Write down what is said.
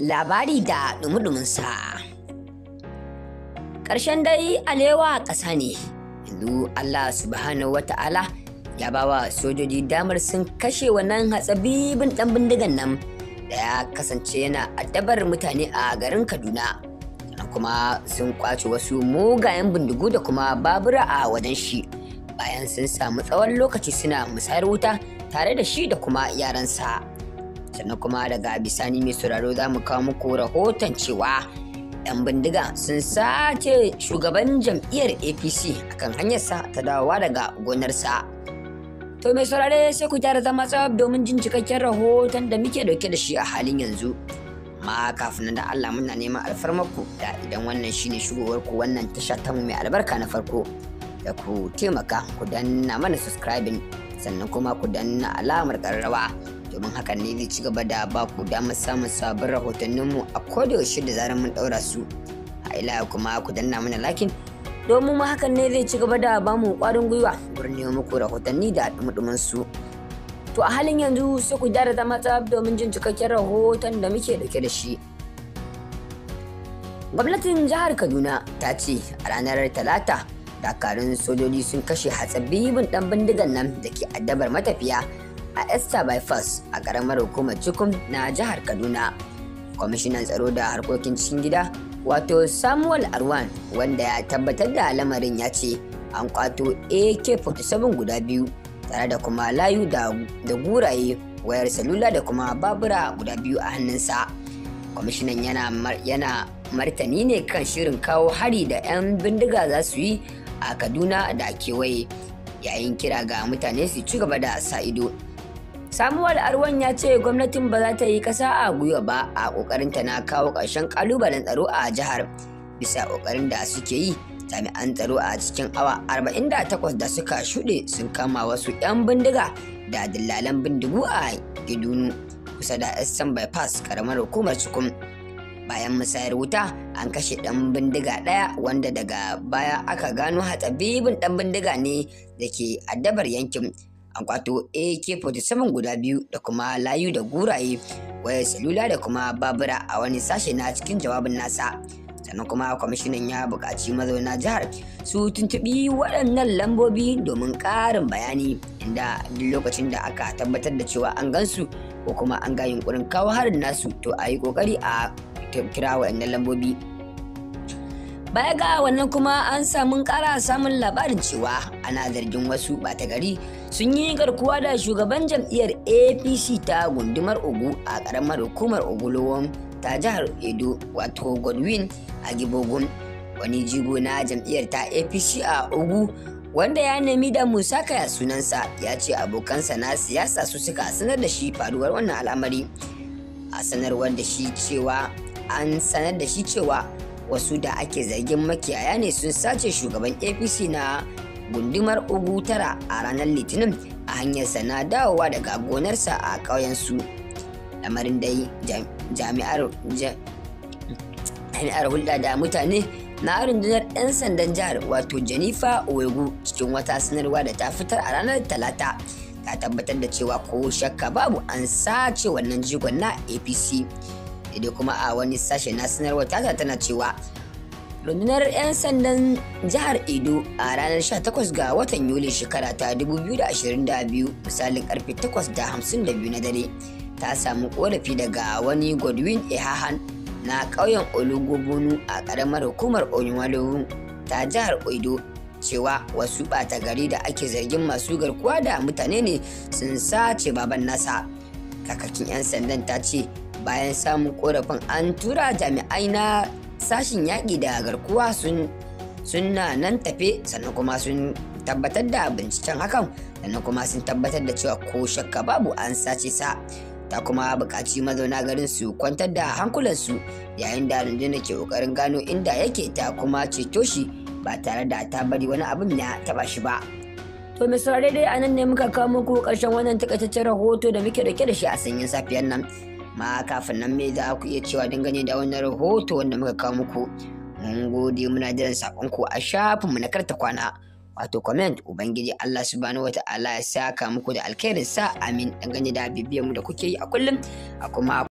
labari da dumudumunsa ƙarshen dai alewa ƙasa ne yanzu allah subhanahu ta'ala ya bawa sojoji damar sun kashe wannan hatsabibin ɗan bindigan nan da ya kasance yana addabar mutane a garin kaduna kuma sun kwace wasu mugayen bindigu da kuma babura a wajen shi bayan sun samu tsawon lokaci suna musayar wuta tare da shi da kuma yaransa. sannan kuma daga bisani mai sauraro za mu kawo muku rahoton cewa 'yan bindiga sun sace shugaban jam'iyyar apc akan hanyarsa ta dawowa daga gonarsa to mai saurare sai ku gyara zama tsawab domin jin cikakken rahoton da muke dauke da shi a halin yanzu Ma kafin da allah muna neman alfarmarku da idan wannan shine ku wannan tasha ta mai albarka na farko da ku taimaka ku danna mana subscribing sannan kuma ku danna alamar ƙararrawa domin haka ne zai ci gaba da ba ku damar samun sabbin rahotanninmu a kodayaushe da zarar mun ɗaura su a ila kuma ku danna mana lakin domin ma hakan ne zai ci gaba da ba mu ƙwarin gwiwa wurin nemo muku rahotanni da dumudumin su to a halin yanzu sai ku gyara zama tsab domin jin cikakken rahoton da muke dauke da shi gwamnatin jihar kaduna ta ce a ranar talata dakarun sojoji sun kashe hatsabibin dan bindigan nan da ke addabar matafiya a Esther First a ƙaramar hukumar Cikum na jihar Kaduna. Kwamishinan tsaro da harkokin cikin gida wato Samuel Arwan wanda ya tabbatar da lamarin ya ce an kwato AK-47 guda biyu tare da kuma layu da guraye wayar salula da kuma babura guda biyu a hannunsa. Kwamishinan yana, yana martani ne kan shirin kawo hari da 'yan bindiga za su yi a Kaduna da kewaye yayin kira ga mutane su ci gaba da sa ido. samuwar arwan ya ce gwamnatin ba za ta yi kasa a gwiwa ba a kokarinta na kawo ƙarshen kalubalen tsaro a jihar bisa kokarin da suke yi jami'an tsaro a cikin awa 48 da suka shuɗe sun kama wasu 'yan bindiga da dillalan bindigu a gidunu kusa da eastern bypass karamar hukumar sukun bayan musayar wuta an kashe ɗan bindiga ɗaya wanda daga baya aka gano hatsabibin ɗan bindiga ne da ke addabar yankin an kwato ak-47 guda biyu da kuma layu da guraye wayar salula da kuma babura a wani sashe na cikin jawabin nasa sannan kuma kwamishinan ya buƙaci mazauna jihar su tuntuɓi waɗannan lambobi domin ƙarin bayani inda duk lokacin da aka tabbatar da cewa an gansu ko kuma an ga yunkurin kawo harin nasu to a yi ƙoƙari a kira waɗannan lambobi baya ga wannan kuma an samu kara samun labarin cewa ana zargin wasu bata gari sun yi garkuwa da shugaban jam'iyyar apc ta gundumar ogu a karamar hukumar ogulowon ta jihar edo wato godwin a gibogun wani jigo na jam'iyyar ta apc a ogu wanda ya nemi da musa kaya sunansa ya ce abokansa na siyasa su suka sanar da shi faruwar wannan al'amari a sanarwar da shi cewa an sanar da shi cewa wasu da ake zargin makiyaya ne sun sace shugaban apc na gundumar ugu tara a ranar litinin a hanyar na dawowa daga gonarsa a ƙauyensu lamarin dai jami'ar jami'ar hulɗa da mutane na rundunar 'yan sandan jihar wato jennifer owegu cikin wata sanarwa da ta fitar a ranar talata ta tabbatar da cewa ko shakka babu an sace wannan jigon na apc idan kuma a wani sashe na sanarwar tata tana cewa rundunar 'yan sandan jihar edo a ranar 18 ga watan yuli shekara ta 2022 misalin karfe 8:52 na dare ta samu korafi daga wani godwin ehahan na ƙauyen olugobonu a ƙaramar hukumar onyewalo ta jihar edo cewa wasu ɓata gari da ake zargin masu garkuwa da mutane ne sun sace baban nasa kakakin 'yan sandan ta ce bayan samun korafin an tura jami'ai na sashin yaƙi da garkuwa sun na nan tafe sannan kuma sun tabbatar da binciken hakan sannan kuma sun tabbatar da cewa ko shakka babu an sace sa ta kuma buƙaci mazauna garin su kwantar da hankulansu yayin da rundunar ke ƙoƙarin gano inda yake ta kuma ceto shi ba tare da ta bari wani abin ya taba shi ba. To mai saurare dai a nan ne muka kawo muku ƙarshen wannan takaitaccen rahoto da muke dauke da shi a sanyin safiyar nan. ma kafin nan me za ku iya cewa dangane da wannan rahoto wanda muka kawo muku mun gode muna jiran sakonku a shafinmu na karta kwana wato comment ubangiji Allah subhanahu wata'ala ya saka muku da alkhairin sa amin dangane da bibiyar mu da kuke yi a kullum a kuma